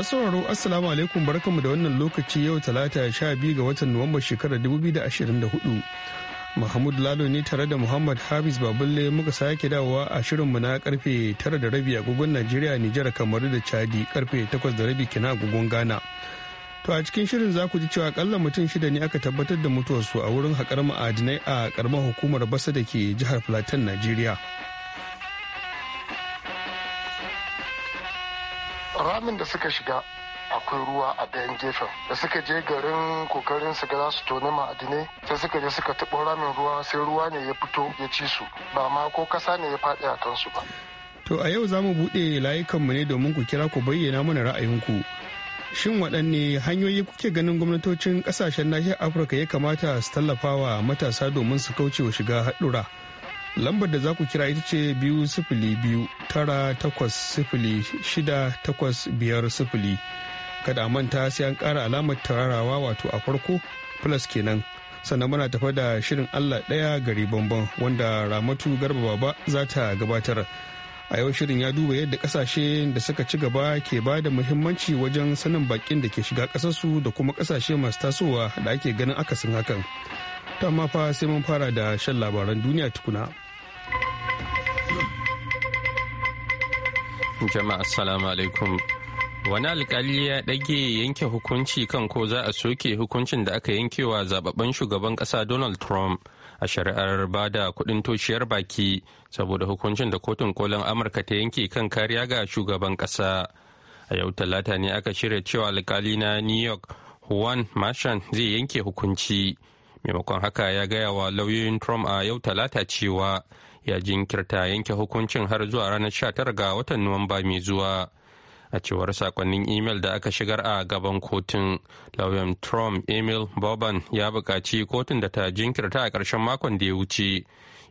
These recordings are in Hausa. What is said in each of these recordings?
Masu sauraro Assalamu alaikum barkanmu da wannan lokaci yau talata 12 ga watan Nuwamba shekarar 2024. Mahmud Lalo ne tare da Muhammad Hafiz Babulle muka sake dawowa a shirin mu na karfe 9 da rabi agogon Najeriya Nijar Kamaru da Chadi karfe 8 da rabi kina agogon Ghana. To a cikin shirin za ku ji cewa akalla mutum shida ne aka tabbatar da mutuwarsu a wurin haƙar ma'adinai a ƙaramar hukumar Basa da ke jihar Plateau Najeriya. ramin da suka shiga akwai ruwa a dayan gefen da suka je garin kokarin su za su toni ma'adinai sai suka je suka taɓo ramin ruwa sai ruwa ne ya fito ya ci su ba ma ko kasa ne ya faɗi a kansu ba. to a yau za mu buɗe layukanmu ne domin ku kira ku bayyana mana ra'ayinku shin waɗanne hanyoyi kuke ganin gwamnatocin ƙasashen nahiyar afirka ya kamata su tallafawa matasa domin su kauce wa shiga haɗura lambar da za ku kira ita ce biyu sifili biyu tara takwas sifili shida takwas biyar sifili kada a manta sai an ƙara alamar tararawa wato a farko plus kenan sannan muna tafa da shirin allah ɗaya gari bambam wanda ramatu garba baba za ta gabatar a yau shirin ya duba yadda kasashe da suka ci gaba ke ba da muhimmanci wajen sanin bakin da ke shiga kasarsu da kuma kasashe masu tasowa da ake ganin akasin hakan ta fa sai mun fara da shan labaran duniya tukuna. Jama'a assalamu alaikum. Wani alkali ya ɗage yanke hukunci kan ko za a soke hukuncin da aka yanke wa zababben shugaban ƙasa Donald Trump a shari'ar bada kuɗin toshiyar baki saboda hukuncin da kotun kolin Amurka ta yanke kan kariya ga shugaban ƙasa. A yau talata ne aka shirya cewa alkali na New York Juan Marshan zai yanke hukunci. Maimakon haka ya gaya wa lauyoyin Trump a yau talata cewa ya jinkirta yanke hukuncin har zuwa ranar 19 ga watan nuwamba mai zuwa a cewar sakonnin imel da aka shigar a gaban kotun lauyan trump emil boban ya bukaci kotun da ta jinkirta a ƙarshen makon da ya wuce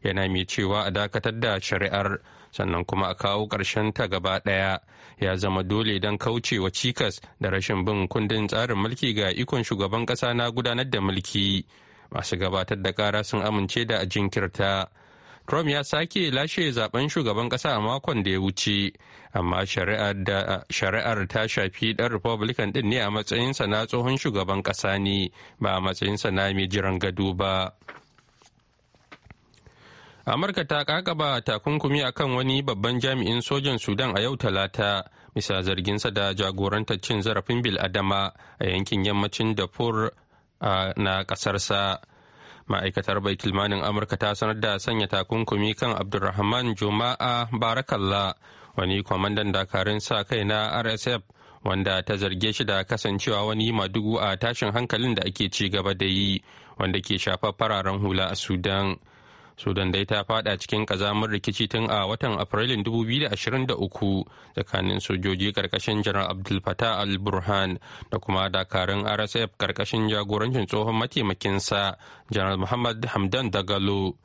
yana mai cewa a dakatar da shari'ar sannan kuma a kawo ƙarshen ta gaba ɗaya ya zama dole don kaucewa cikas da rashin bin kundin tsarin mulki ga ikon shugaban ƙasa na gudanar da mulki masu gabatar da ƙara sun amince da a jinkirta Trump ya sake lashe zaben shugaban kasa a makon da ya wuce, amma shari'ar ta shafi ɗan Republican ɗin ne a matsayinsa na tsohon shugaban ƙasa ne ba a matsayinsa na mai jiran gado ba. Amurka ta kakaba takunkumi akan wani babban jami'in sojan Sudan a yau talata. bisa zarginsa da jagorantar cin zarafin biladama a yankin yammacin dafur na kasarsa ma'aikatar baitulmanin amurka ta sanar da sanya takunkumi kan abdulrahman juma'a barakalla wani kwamandan dakarun sa kai na rsf wanda ta zarge shi da kasancewa wani madugu a tashin hankalin da ake ci gaba da yi wanda ke shafar fararen hula a sudan sudan dai ta fada cikin kazamar rikici tun a watan afrilun 2023 tsakanin sojoji karkashin janar abdul fatah al burhan da kuma dakarun rsf karkashin jagorancin tsohon mataimakinsa janar muhammad hamdan dagalo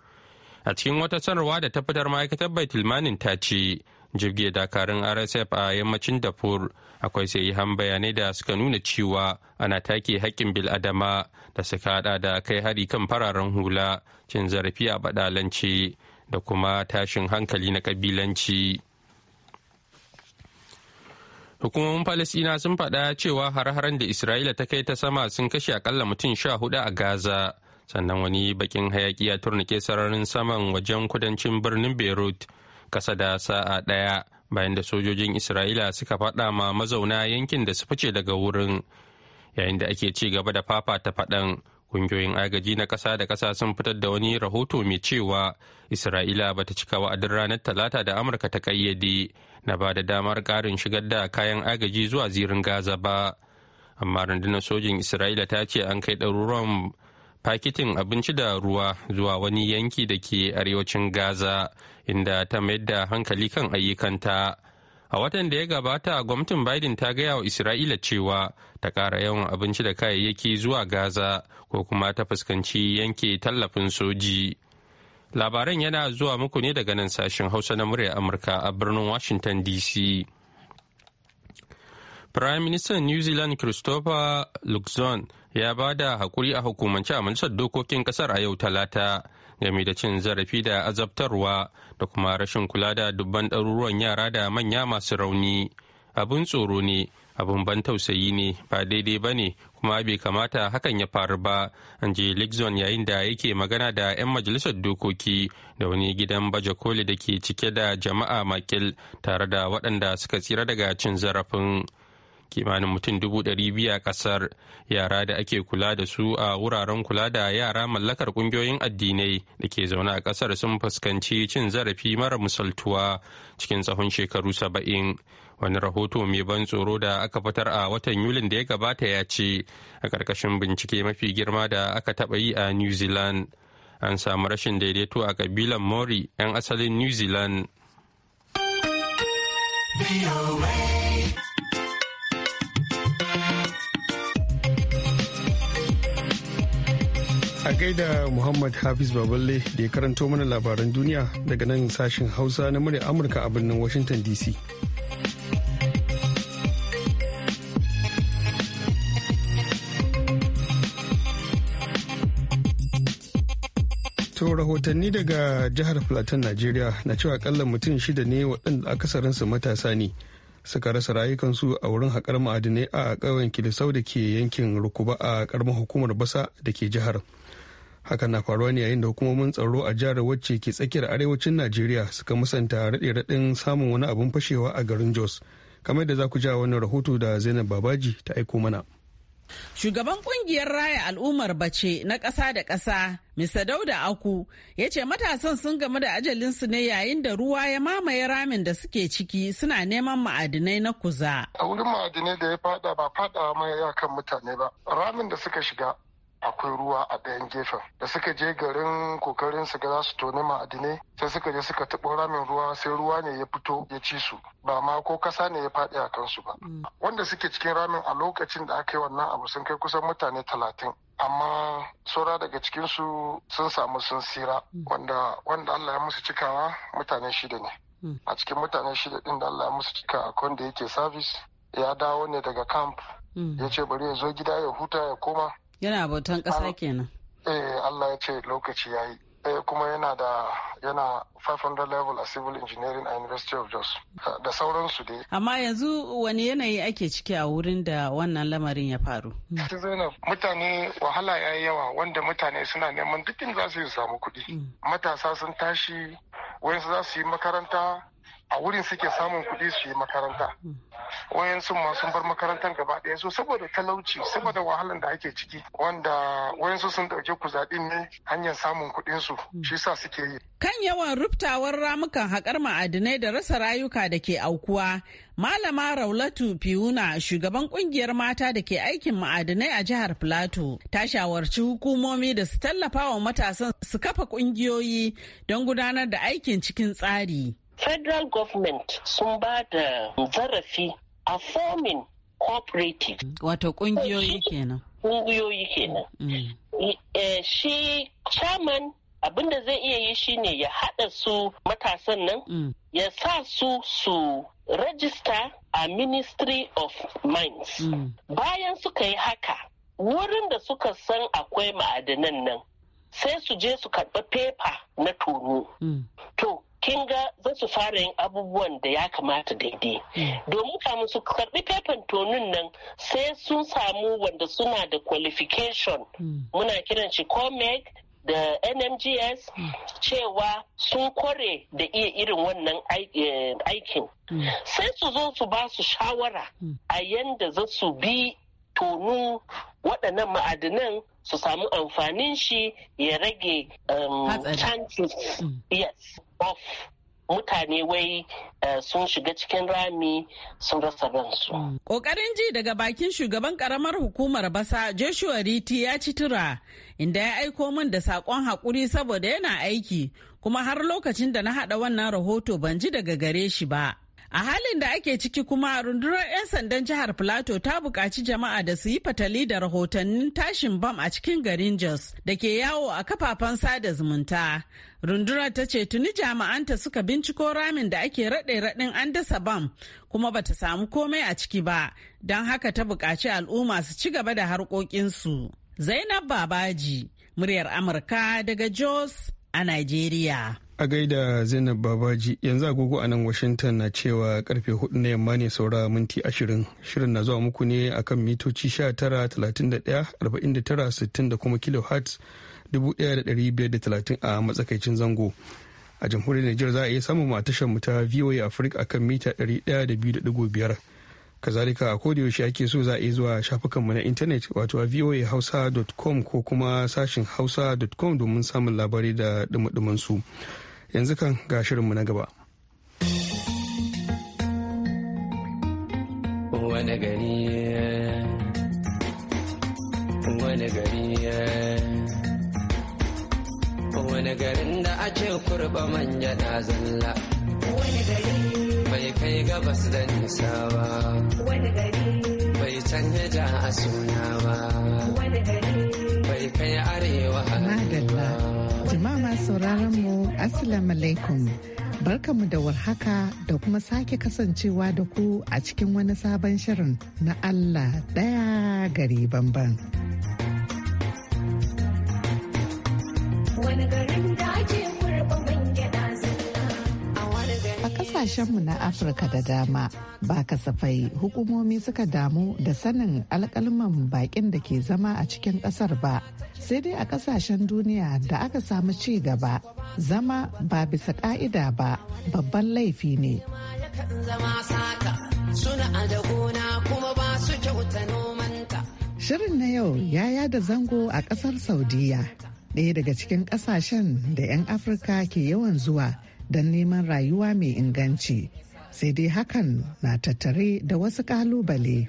a cikin wata sanarwa da ta fitar ma'aikatar baitulmanin ta ce jirgin dakarun rsf a yammacin dafur akwai sai han bayanai da suka nuna cewa ana take haƙƙin biladama da suka hada da kai hari kan fararen hula cin zarafi a badalance da kuma tashin hankali na kabilanci hukumomin falasina sun faɗa cewa har-haren da isra'ila ta kai ta sama sun kashe akalla mutum sha hudu a gaza sannan wani bakin hayaki ya turnike sararin saman wajen kudancin birnin beirut kasa da sa'a ɗaya bayan da sojojin isra'ila suka faɗa ma mazauna yankin da su fice daga wurin yayin da ake ci gaba da fafata faɗan kungiyoyin agaji na ƙasa da ƙasa sun fitar da wani rahoto mai cewa isra'ila ba ta cika wa'adin ranar talata da amurka ta ƙayyade na ba da damar ƙarin shigar da kayan agaji zuwa zirin gaza ba amma rundunar sojin isra'ila ta ce an kai ɗaruruwan fakitin abinci da ruwa zuwa wani yanki da ke arewacin gaza inda ta mayar da hankali kan ayyukanta a watan da ya gabata gwamnatin biden ta gaya wa isra'ila cewa ta kara yawan abinci da kayayyaki zuwa gaza ko kuma ta fuskanci yanke tallafin soji labaran yana zuwa muku ne daga nan sashen hausa na murya amurka a birnin washington dc prime minister new zealand christopher luxon ya ba da haƙuri a hukumance a majalisar dokokin ƙasar a yau talata game da cin zarafi da azabtarwa da kuma rashin kula da dubban ɗaruruwan yara da manya masu rauni abin tsoro ne abin ban tausayi ne ba daidai ba ne kuma bai kamata hakan ya faru ba an je lixon yayin da yake magana da 'yan majalisar dokoki da wani gidan baje koli da ke cike da jama'a makil tare da waɗanda suka tsira daga cin zarafin kimanin mutum dubu ɗari a ƙasar yara da ake kula da su a wuraren kula da yara mallakar ƙungiyoyin addinai da ke zaune a ƙasar sun fuskanci cin zarafi mara misaltuwa cikin tsawon shekaru saba'in wani rahoto mai ban tsoro da aka fitar a watan yulin da ya gabata ya ce a ƙarƙashin bincike mafi girma da aka taɓa yi a new zealand an samu rashin daidaito a ƙabilan mori 'yan asalin new zealand A gaida Muhammad Hafiz Baballe da ya karanto mana labaran duniya daga nan sashen Hausa na murya Amurka a birnin Washington DC. To rahotanni daga jihar Plateau Najeriya na cewa akalla mutum shida ne waɗanda akasarinsu matasa ne suka rasa rayukansu a wurin haƙar ma'adinai a ƙauyen Kilisau da ke yankin Rukuba a ƙaramar hukumar Basa da ke jihar. hakan na faruwa ne yayin da hukumomin tsaro a jihar wacce ke tsakiyar arewacin najeriya suka musanta raɗe-raɗin samun wani abin fashewa a garin jos kamar da za ku ja wani rahoto da zainab babaji ta aiko mana Shugaban kungiyar raya al'ummar bace na ƙasa da ƙasa, Mr. Dauda Aku, ya ce matasan sun gamu da ajalinsu ne yayin da ruwa ya mamaye ramin da suke ciki suna neman ma'adinai na kuza. A wurin ma'adinai da ya fada ba fada ma ya kan mutane ba, ramin da suka shiga akwai ruwa a ɗayan gefen da suka je garin kokarin su ga za su toni ma'adinai sai suka je suka tabo ramin ruwa sai ruwa ne ya fito ya ci su ba ma ko kasa ne ya faɗi a kansu ba mm. wanda suke cikin ramin a lokacin da aka yi wannan abu sun kai kusan mutane talatin amma saura daga cikinsu sun samu sun sira mm. wanda wanda Allah ya musu cikawa mutane shida ne mm. a cikin mutane shida din da Allah ya musu cika akwai da yake service ya dawo ne daga camp ya ce bari ya zo gida ya huta ya koma yana bautan ƙasa kenan eh Allah ya ce lokaci yayi eh kuma yana da yana 500 level a civil engineering a University of Jos da sauransu dai amma yanzu wani yanayi ake ciki a wurin da wannan lamarin ya faru hmm. Zainab mutane wahala ya yi yawa wanda mutane suna neman dukkan za su samu kuɗi hmm. matasa sun tashi wayansu za su yi makaranta a wurin suke samun kuɗi su yi makaranta sun ma sun bar makarantar gaba ɗaya so saboda talauci saboda wahalan da ake ciki wanda wayan sun dauke kuzaɗi ne hanyar samun kuɗin su shi sa suke yi kan yawan ruftawar ramukan haƙar ma'adinai da rasa rayuka da ke aukuwa Malama Raulatu Fiuna shugaban ƙungiyar mata da ke aikin ma'adinai a jihar Filato ta shawarci hukumomi da su tallafa wa matasan su kafa ƙungiyoyi don gudanar da aikin cikin tsari. federal government sun ba da zarafi a forming cooperative wato kungiyoyi kenan kungiyoyi kenan mm. eh, eh, shi chairman abinda zai iya yi shine ya hada su matasan nan mm. ya sa su su register a ministry of mines mm. bayan suka yi haka wurin da suka san akwai ma'adanan nan sai su je su karɓi pepa na tono to kin ga za su fara yin abubuwan da ya kamata daidai hmm. domin kamun su karbi fefan tonun nan sai sun samu wanda suna da qualification hmm. muna kiran shi comec da nmgs hmm. cewa sun kware da iya irin wannan eh, aikin sai su zo su ba su shawara a yanda za su bi tonu waɗannan ma'adinan su samu amfanin shi ya rage um, chances of mutane wai eh, sun shiga cikin rami sun rasa ransu. Ƙoƙarin ji daga bakin shugaban ƙaramar hukumar basa Joshua Riti ya ci tura inda ya aiko min da saƙon haƙuri saboda yana aiki kuma har lokacin da na haɗa wannan rahoto ban ji daga gare shi ba. A halin da ake ciki kuma rundunar 'yan sandan jihar plato ta buƙaci jama'a da su yi fatali da rahotannin tashin bam a cikin garin Jos da ke yawo a kafafen sada zumunta. Rundunar ta ce tuni jama'anta suka binciko ramin da ake raɗe-raɗin an dasa bam kuma ba ta samu komai a ciki ba, don haka ta buƙaci al'umma su ci gaba da harkokinsu. Zainab Babaji, muryar Amurka daga Jos a Najeriya. a gaida zainab babaji yanzu agogo a nan washington na cewa karfe hudu na yamma ne saura minti ashirin shirin na zuwa muku ne akan mitoci 60 da kuma kilohertz 1,530 a matsakaicin zango a jamhuriyar niger za a iya samun a tashar mu ta voa africa akan mita 102.5 kazalika a yaushe ake so za a iya zuwa shafukanmu na intanet wato a voahausa.com ko kuma sashin hausa.com domin samun labarai da dumadumansu su yanzu kan ga shirinmu na gaba wani gari wani gari wani garin da ake kurba manya na zalla wani gari bai kai gabas da nisa ba wani gari bai canja ja a suna ba wani gari bai kai arewa a ba Jama'a sauraron mu Assalamu alaikum. Barkamu da warhaka da kuma sake kasancewa da ku a cikin wani sabon shirin na Allah ɗaya gari banban. Wani garin da ake kasashenmu na afirka da dama ba kasafai hukumomi suka damu da sanin alkalman bakin da ke zama a cikin kasar ba sai dai a kasashen duniya da aka samu ci gaba zama ba bisa ka'ida ba babban laifi ne shirin na yau ya yada zango a kasar saudiya ɗaya daga cikin kasashen da 'yan afirka ke yawan zuwa don neman rayuwa mai inganci sai dai hakan na tattare da wasu kalubale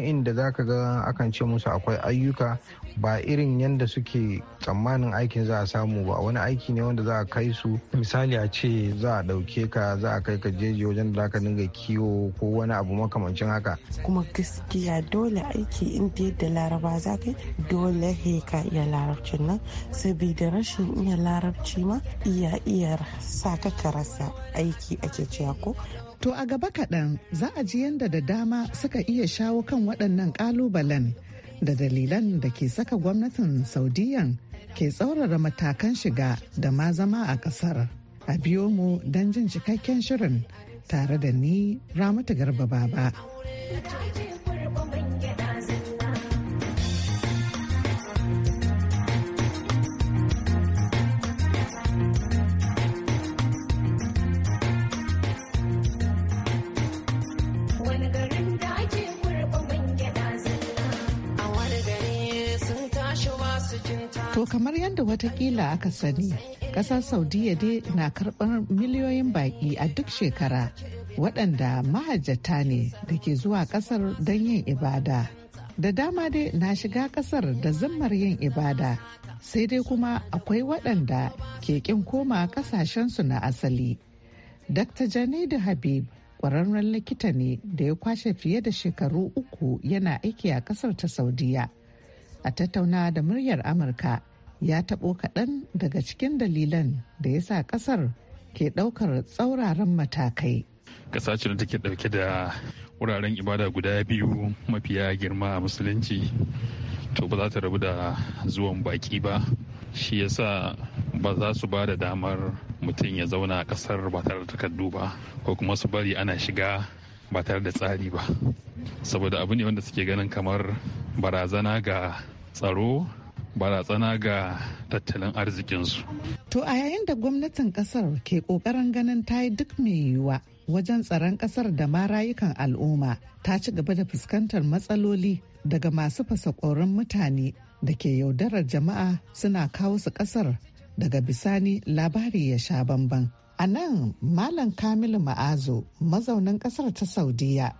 inda za ka ga akan ce musu akwai ayyuka ba irin yadda suke tsammanin aikin za a samu ba wani aiki ne wanda za a kai su misali a ce za a ɗauke ka za a kai ka jeji wajen da ka dinga kiwo ko wani abu makamancin haka kuma gaskiya dole aiki inda yadda laraba za ka dole he ka iya larabci nan saboda rashin iya larabci ma iya iya sa ka rasa aiki ake cewa ko To a gaba kaɗan za a ji yadda da dama suka iya shawo kan waɗannan ƙalubalen da dalilan da ke saka gwamnatin Saudiyan ke tsaurara matakan shiga da ma zama a ƙasar. A biyo mu don jin cikakken shirin tare da ni Ramatu Garba Baba. kamar yadda watakila aka sani, kasar Saudiya dai na karɓar miliyoyin baƙi a duk shekara waɗanda mahajjata ne da ke zuwa kasar don yin ibada. Da dama dai na shiga ƙasar da zimmar yin ibada, sai dai kuma akwai waɗanda ke kin koma ƙasashensu na asali. Dr. Janaidu Habib ƙwararren likita ne da ya kwashe fiye da shekaru uku yana aiki a kasar ta Saudiya. a tattauna da muryar Amurka ya taɓo kaɗan daga cikin dalilan da ya sa ƙasar ke ɗaukar tsauraran matakai. Ƙasa ce da take ɗauke da wuraren ibada guda biyu mafiya girma a musulunci to ba za ta rabu da zuwan baƙi ba shi yasa ba za su ba da damar mutum ya zauna a ƙasar ba tare da takardu ba ko kuma su bari ana shiga ba tare da tsari ba saboda abu ne wanda suke ganin kamar barazana ga tsaro barazana ga tattalin arzikinsu. To a yayin da gwamnatin kasar ke kokarin ganin ta yi duk mai yiwuwa wajen tsaron kasar da ma rayukan al'umma ta ci gaba da fuskantar matsaloli daga masu fasakorin mutane da ke yaudarar jama'a suna kawo su kasar daga bisani labari ya sha bamban. A nan Malam Kamilu Ma'azo mazaunin kasar ta Saudiya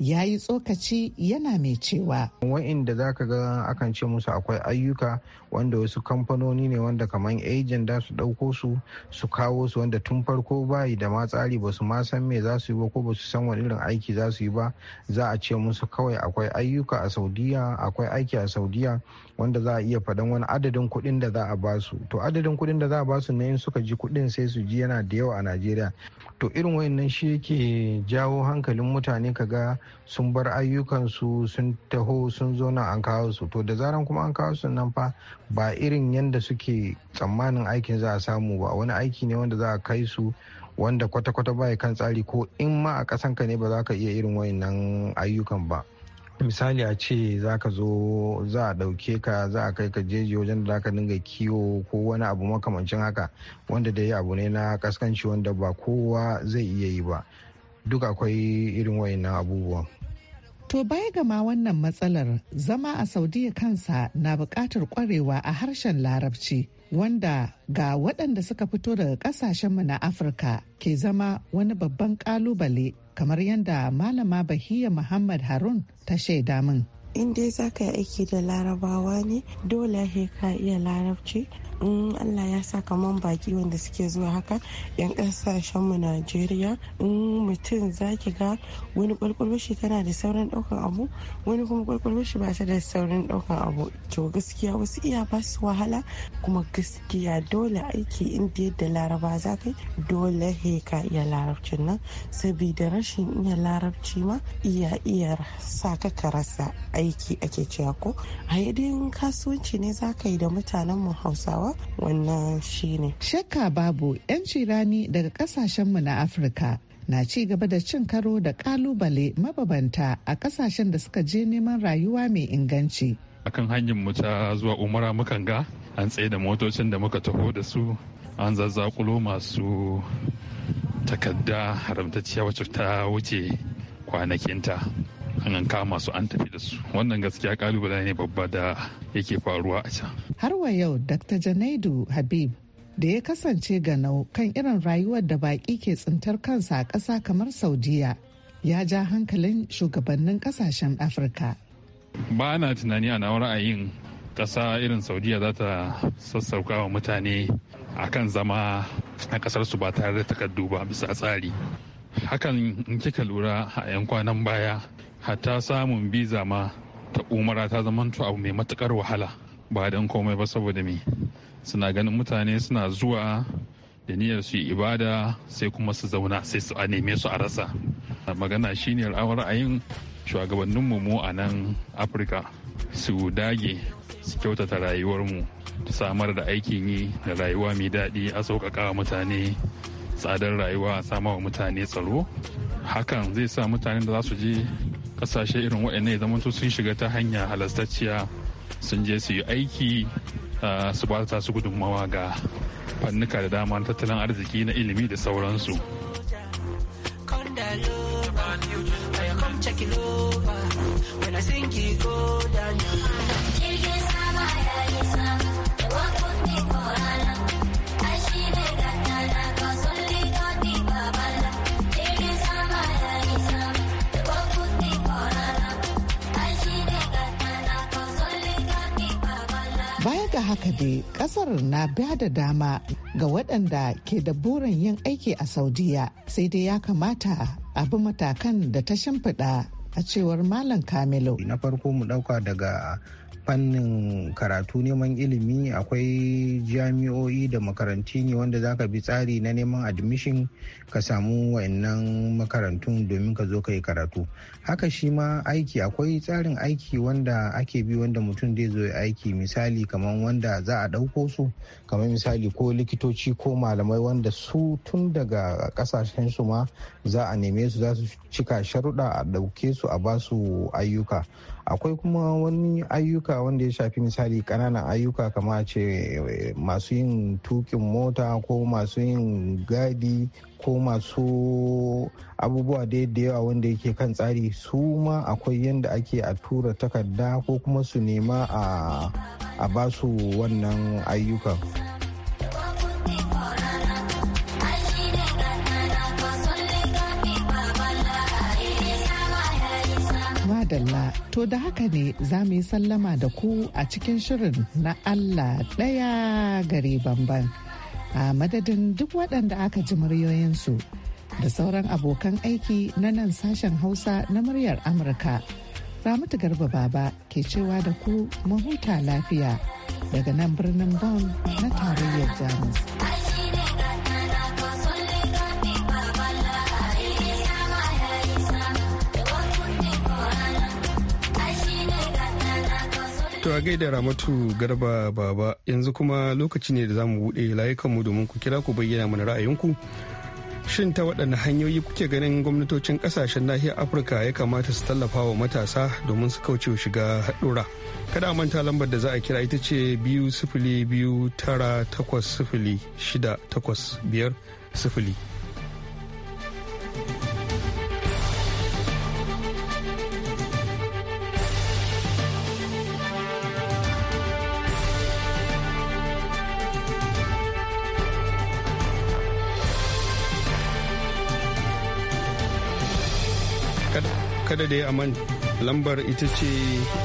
ya yi tsokaci yana mai cewa. Wa'inda za ka ga akan ce musu akwai ayyuka wanda wasu kamfanoni ne wanda kamar ejin da su ɗauko su su kawo su wanda tun farko bayi da ma tsari ba su ma san me za su yi ba ko ba su san wani irin aiki za su yi ba za a ce musu kawai akwai ayyuka a saudiya akwai aiki a saudiya wanda za a iya faɗan wani adadin kuɗin da za a ba su to adadin kuɗin da za a ba su ne in suka ji kuɗin sai su ji yana da yawa a najeriya to irin wayannan shi yake jawo hankalin mutane ka ga. sun bar ayyukansu sun taho sun zo nan an kawo su to da zaran kuma an kawo su nan fa ba irin yadda suke tsammanin aikin za a samu ba wani aiki ne wanda za a kai su wanda kwata-kwata baya kan tsari ko in ma a kasan ka ne ba za ka iya irin wayannan ayyukan ba misali a ce za ka zo za a ɗauke ka za a kai ka jeji wajen da za ka dinga kiwo ko wani abu makamancin haka wanda da yi abu ne na kaskanci wanda ba kowa zai iya yi ba duk akwai irin wayan abubuwan To baya gama wannan matsalar zama a Saudiya kansa na buƙatar ƙwarewa a harshen larabci wanda ga waɗanda suka fito daga ƙasashenmu na Afirka ke zama wani babban ƙalubale kamar yadda Malama Bahiya Muhammad Harun ta shaida min. in dai za ka yi aiki da larabawa ne dole ka iya larabci in allah ya sa kaman baki wanda suke zuwa haka yan mu najeriya in mutum zaki ga wani kwalkwalwar shi tana da sauran daukan abu wani kuma shi ba ta da sauran daukan abu to gaskiya wasu iya ba su wahala kuma gaskiya dole aiki inda yadda laraba za kai dole heka ka iya larabcin nan saboda rashin iya larabci ma iya iya sa ka ka rasa aiki ake cewa ko a kasuwanci ne za ka yi da mutanen mu hausawa wannan shi ne. shakka babu 'yanci rani daga mu na afirka na ci gaba da cin karo da kalubale mababanta a kasashen da suka je neman rayuwa mai inganci. akan hanyar mu ta zuwa umara mukan ga an tsaye da motocin da muka taho da su an zazzakulo masu takadda haramtacciya wacce ta wuce kwanakinta an kama su an tafi da su wannan gaskiya kalubale ne babba da yake faruwa a can har wa yau dr janaidu habib da ya kasance ganau kan irin rayuwar da baki ke tsintar kansa a ƙasa kamar saudiya ya ja hankalin shugabannin kasashen afirka ba na tunani a nawar ra'ayin ƙasa irin saudiya za ta sassauka wa mutane a kan zama a ƙasarsu ba tare da takardu ba bisa tsari hakan in kika lura a 'yan kwanan baya hatta samun biza ma ta umara ta zamanto abu mai matukar wahala ba don komai ba saboda me suna ganin mutane suna zuwa da niyyar su ibada sai kuma su zauna sai su a neme su a rasa magana shine ra'ayin shugabannin mu a nan afirka su dage su kyautata mu ta samar da aikin yi da rayuwa mai daɗi a sauƙaƙa wa mutane tsadar rayuwa a sama wa mutane tsaro hakan zai sa mutane da za su je kasashe irin zaman zamanto sun shiga ta hanya halastacciya sun je su yi aiki su ba ta su gudunmawa ga fannuka da dama na tattalin arziki na ilimi da sauransu. I think you go down, haka dai kasar na biya da dama ga waɗanda ke da burin yin aiki a saudiya sai dai ya kamata a bi matakan da ta shimfiɗa a cewar malam kamilo. na farko mu ɗauka daga fannin karatu neman ilimi akwai jami'o'i da makaranti ne wanda za ka bi tsari na neman admission ka samu wayannan makarantun domin ka zo ka yi karatu haka shi ma aiki akwai tsarin aiki wanda ake bi wanda mutum zai zo aiki misali kamar wanda za a ɗauko su kamar misali ko likitoci ko malamai wanda su tun daga ƙasashen su ma za a neme su za su cika sharuɗa a ɗauke su a basu ayyuka akwai kuma wani ayyuka wanda ya shafi misali kananan ayyuka kama ce eh, masu yin tukin mota ko masu yin gadi ko masu abubuwa da yawa wanda yake kan tsari su ma akwai yadda ake a tura takarda ko kuma su nema a basu wannan ayyuka. madalla to da haka ne za mu yi sallama da ku a cikin shirin na allah ɗaya gare bamban a madadin duk waɗanda aka ji muryoyinsu da sauran abokan aiki na nan sashen hausa na muryar amurka ramatu garba baba ke cewa da ku mahuta lafiya daga nan birnin bon na tarayyar jamus To a gaida Ramatu Garba Baba yanzu kuma lokaci ne da zamu buɗe layukanmu domin ku kira ku bayyana mana ra'ayinku. Shin ta waɗanne hanyoyi kuke ganin gwamnatocin ƙasashen nahiyar Afirka ya kamata su tallafa wa matasa domin su kauce shiga haɗura? Kada a manta lambar da za a kira ita ce biyu sifili biyu tara takwas sifili shida takwas biyar sifili. kada da ya aman lambar ita ce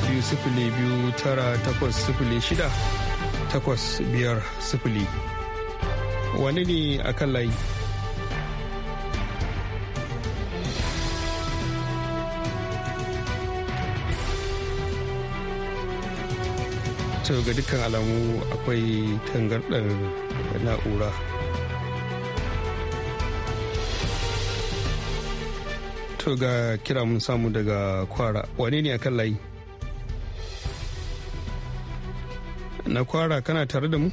biyu sifili biyu tara takwas sifili shida takwas biyar sifili wani ne a kan layi to ga dukkan alamu akwai tangarɗar na'ura to ga kira mun samu daga kwara wane ne akan layi na kwara kana tare da mu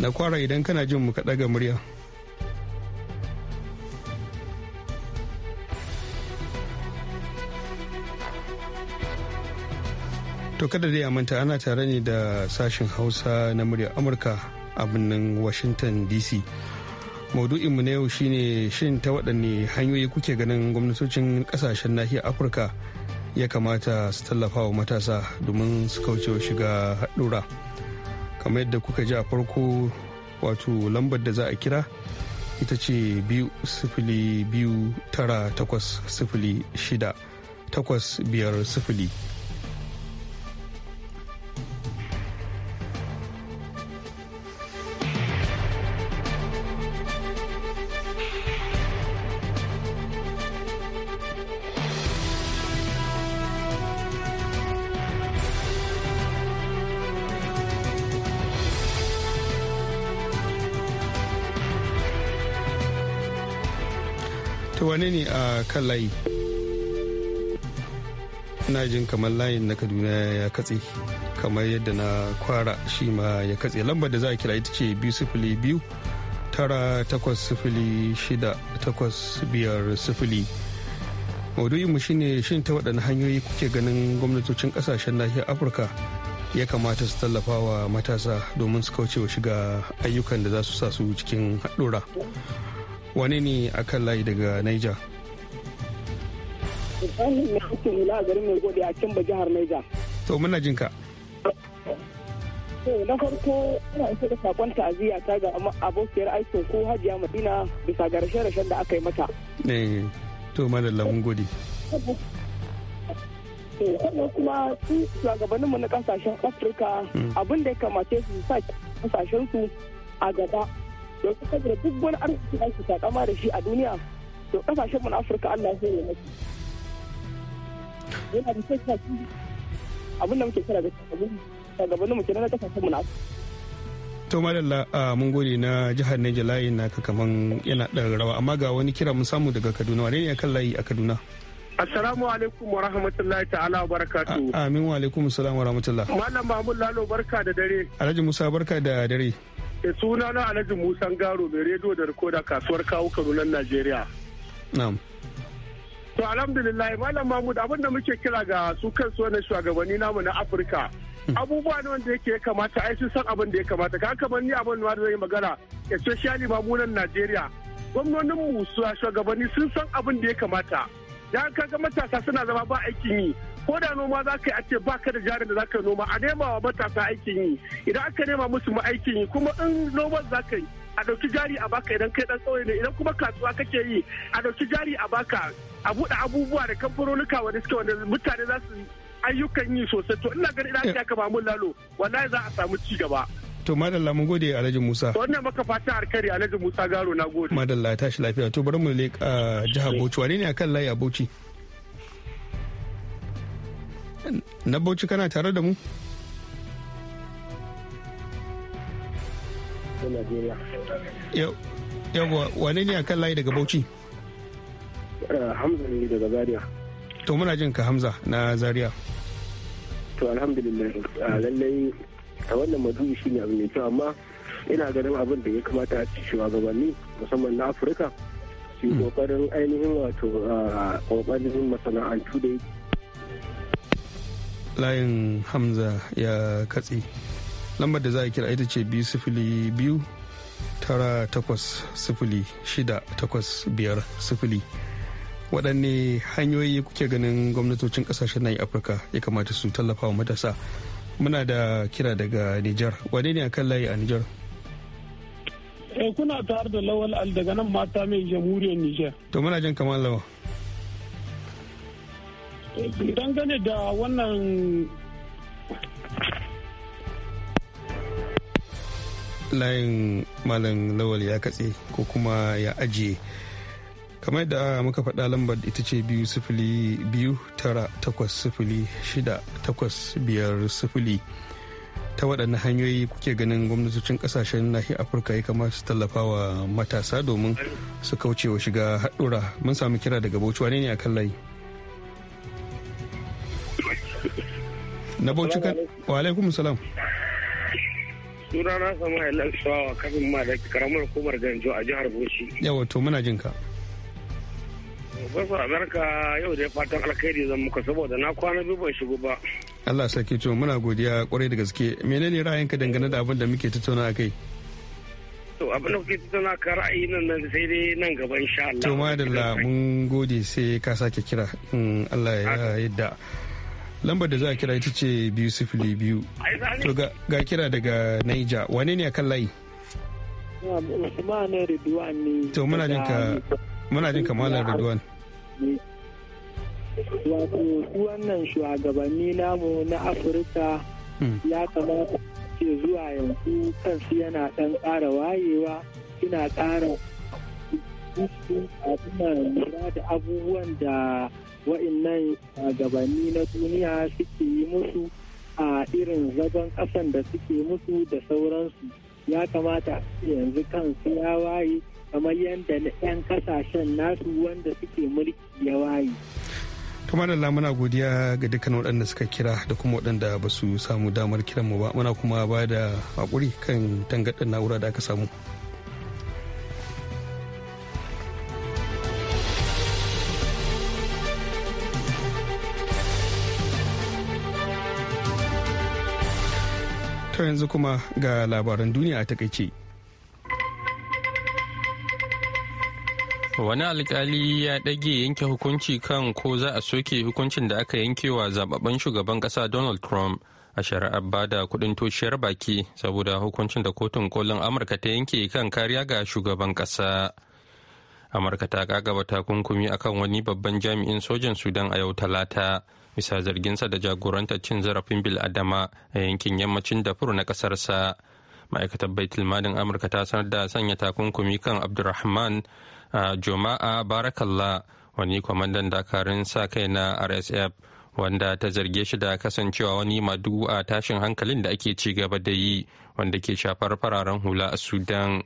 na kwara idan kana jin mu ka daga murya to kada dai manta ana tare ne da sashen hausa na murya amurka a birnin washington dc maudu'inmu na yau shine shin ta waɗanne hanyoyi kuke ganin gwamnatocin ƙasashen nahiyar afirka ya kamata su tallafa wa matasa domin su wa shiga haɗura kamar yadda kuka ji a farko wato lambar da za a kira ita ce biyu sifili biyu tara takwas sifili shida takwas biyar sifili to wane ne a kan layi ina jin kamar layin na kaduna ya katse kamar yadda na kwara shi ma ya katse lambar da za a kira ita ce biyu sifili biyu tara takwas sifili shida takwas biyar sifili mu shine shin ta waɗanne hanyoyi kuke ganin gwamnatocin ƙasashen nahiyar afirka ya kamata su tallafa wa matasa domin su kaucewa shiga ayyukan da za su sa su cikin haɗura wani ne a kan layi daga Niger? hula garin gode a To muna jin ka. na farko ina isa da sakon ta'aziyya ta ga abokiyar aikin ko Hajiya Madina bisa ga rashe-rashen da aka yi mata. Eh, to madalla mun gode. sannan kuma su shugabanninmu na kasashen afirka hmm. abin ya kamace su sa kasashen su a gaba don su saboda duk wani arziki da ake takama da shi a duniya to kasashen mun afirka allah ya yi yana da kyau sa abin da muke kira da shugabannin mu kenan na kasashen mu na afirka to madalla a mun gode na jihar Niger layin naka kaman yana ɗan rawa amma ga wani kira mun samu daga Kaduna wane ne kan layi a Kaduna Assalamu alaikum wa rahmatullahi ta'ala wa barakatuhu Amin wa alaikum assalam wa rahmatullah Mallam Mahmud Lalo barka da dare Alhaji Musa barka da dare E eh, suna na Alhaji Musa Garo mai rediyo da rikoda kasuwar kawo nan Najeriya. Na'am. To alhamdulillah Malam Mahmud abin da muke kira ga su kansu wannan shugabanni namu na Afirka. Hmm. Abubuwa ne wanda yake kamata ai sun san abin da ya kamata ka kamar ni abin da zai magana especially ma mu nan Najeriya. Gwamnonin mu shugabanni sun san abin da ya kamata. Ya kaga matasa suna zama ba aikin yi ko da noma za ka yi a ce ka da jarin da za ka noma a nema wa matasa aikin yi idan aka nema musu ma aikin yi kuma in noman za ka yi a ɗauki jari a baka idan kai dan tsawai ne idan kuma kasuwa kake yi a ɗauki jari a baka a buɗe abubuwa da kamfanonuka wanda suke wanda mutane za su ayyukan yi sosai to ina ganin idan aka ba mun lalo wallahi za a samu ci gaba. To madalla mun gode Alhaji Musa. Wannan maka fata alkhairi Alhaji Musa Garo na gode. Madalla tashi lafiya to bari mu leƙa jihar Bauchi wane ne akan layi a Bauchi? na bauchi kana tare da mu Yau wane ne akan layi daga bauchi hamza ne daga zaria to muna jin ka hamza na zaria to alhamdulillah lallai a wannan maudu'i shine abu mai kyau amma ina ganin abin da ya kamata a shiwa gabanni musamman na afirka su hmm. kokarin ainihin wato kokarin masana'antu da layin hamza ya katse lambar da za a kira ita ce biyu sifili biyu tara takwas sifili shida takwas biyar sifili waɗanne hanyoyi kuke ganin gwamnatocin ƙasashen nan afirka ya kamata su tallafa wa matasa muna da kira daga nijar wane ne akan layi a nijar eh, kuna tare da lawal al daga nan mata mai jamhuriyar nijar to muna jan kamar lawa dangane da wannan layin malam lawal ya katse ko kuma ya ajiye kamar da muka faɗa lambar ita ce biyu sifili biyu tara takwas sifili shida takwas biyar sifili ta waɗannan hanyoyi kuke ganin gwamnatocin ƙasashen nahiyar afirka ya kama su tallafa wa matasa domin su kaucewa shiga haɗura mun samu kira daga bauchi ne ne a kan layi na bauchi kan wa alaikum salam sunana sama'il al-shawa kafin ma da karamar hukumar ganjo a jihar bauchi yawa to muna jinka Basu Amerika yau da fatan alkhairi zan muka saboda na kwana biyu ban shigo ba. Allah sarki to muna godiya kwarai da gaske. Menene ra'ayinka dangane da abin da muke tattauna a kai? To abin da kuke tattauna ka ra'ayi nan nan sai dai nan gaba insha Allah. To madalla mun gode sai ka sake kira in Allah ya yadda. lambar da za a kira ita ce biyu sifili biyu to ga kira daga naija wane ne a kan layi to muna jin ka muna jin ka wato wannan shugabanni namu na afirka hmm. ya kamata ce zuwa yanzu kansu yana dan ƙara wayewa suna ƙara lura da abubuwan da wa'annan gabanni na duniya suke yi musu a irin zagon ƙasan da suke musu da sauransu ya kamata yanzu kansu ya waye kamar yadda na 'yan kasashen nasu wanda suke mulki ya waye. kamar da muna godiya ga dukkan waɗanda suka kira da kuma waɗanda ba su samu damar kiranmu ba muna kuma ba da haƙuri kan tangaɗin na'ura da aka samu. To yanzu kuma ga labaran duniya a takaice. Wani alkali ya ɗage yanke hukunci kan ko za a soke hukuncin da aka yanke wa zababben shugaban ƙasa Donald Trump a shari'ar bada kudin toshiyar baki saboda hukuncin da kotun kolin Amurka ta yanke kan kariya ga shugaban ƙasa. Amurka ta kagaba takunkumi akan wani babban jami'in sojan Sudan a yau talata. bisa zarginsa da jagorantar cin zarafin bil'adama a yankin yammacin dafur na ƙasarsa ma'aikatar baitul malin amurka ta sanar da sanya takunkumi kan abdulrahman a juma'a barakalla wani kwamandan dakarun sa kai na rsf wanda ta zarge shi da kasancewa wani madu a tashin hankalin da ake ci gaba da yi wanda ke shafar fararen hula a sudan.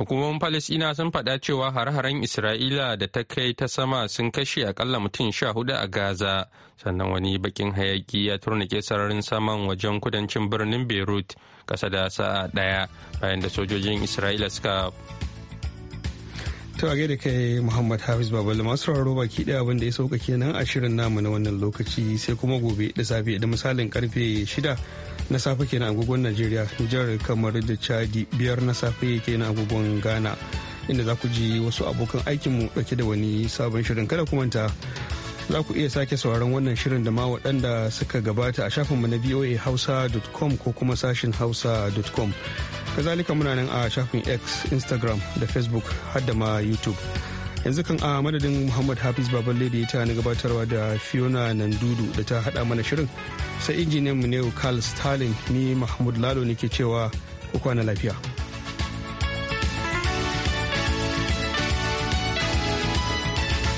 Hukumomin Falasina sun faɗa cewa har-haren Isra'ila da ta kai ta sama sun kashe akalla mutum sha hudu a Gaza, sannan wani bakin hayaki ya turnike sararin saman wajen kudancin birnin Beirut kasa da sa'a ɗaya bayan da sojojin Isra'ila suka ta gaida kai Muhammad Hafiz Babalu masu sauraro baki ɗaya abinda ya sauka kenan a shirin namu na wannan lokaci sai kuma gobe da safe da misalin karfe shida na safe kenan agogon najeriya jihar kamar da chadi biyar na safe kenan agogon ghana inda za ku ji wasu abokan aikinmu ɗauke da wani sabon shirin kada ku manta za ku iya sake sauraron wannan shirin da ma waɗanda suka gabata a shafinmu na voa hausa.com ko kuma sashin hausa.com kazalika muna nan a shafin x instagram da facebook har da ma youtube yanzu kan a madadin muhammad hafiz baballe da ya ta na gabatarwa da fiona nandudu da ta hada mana shirin sai injiniyan mu ne carl stalin ni mahmud lalo ne ke cewa ku kwana lafiya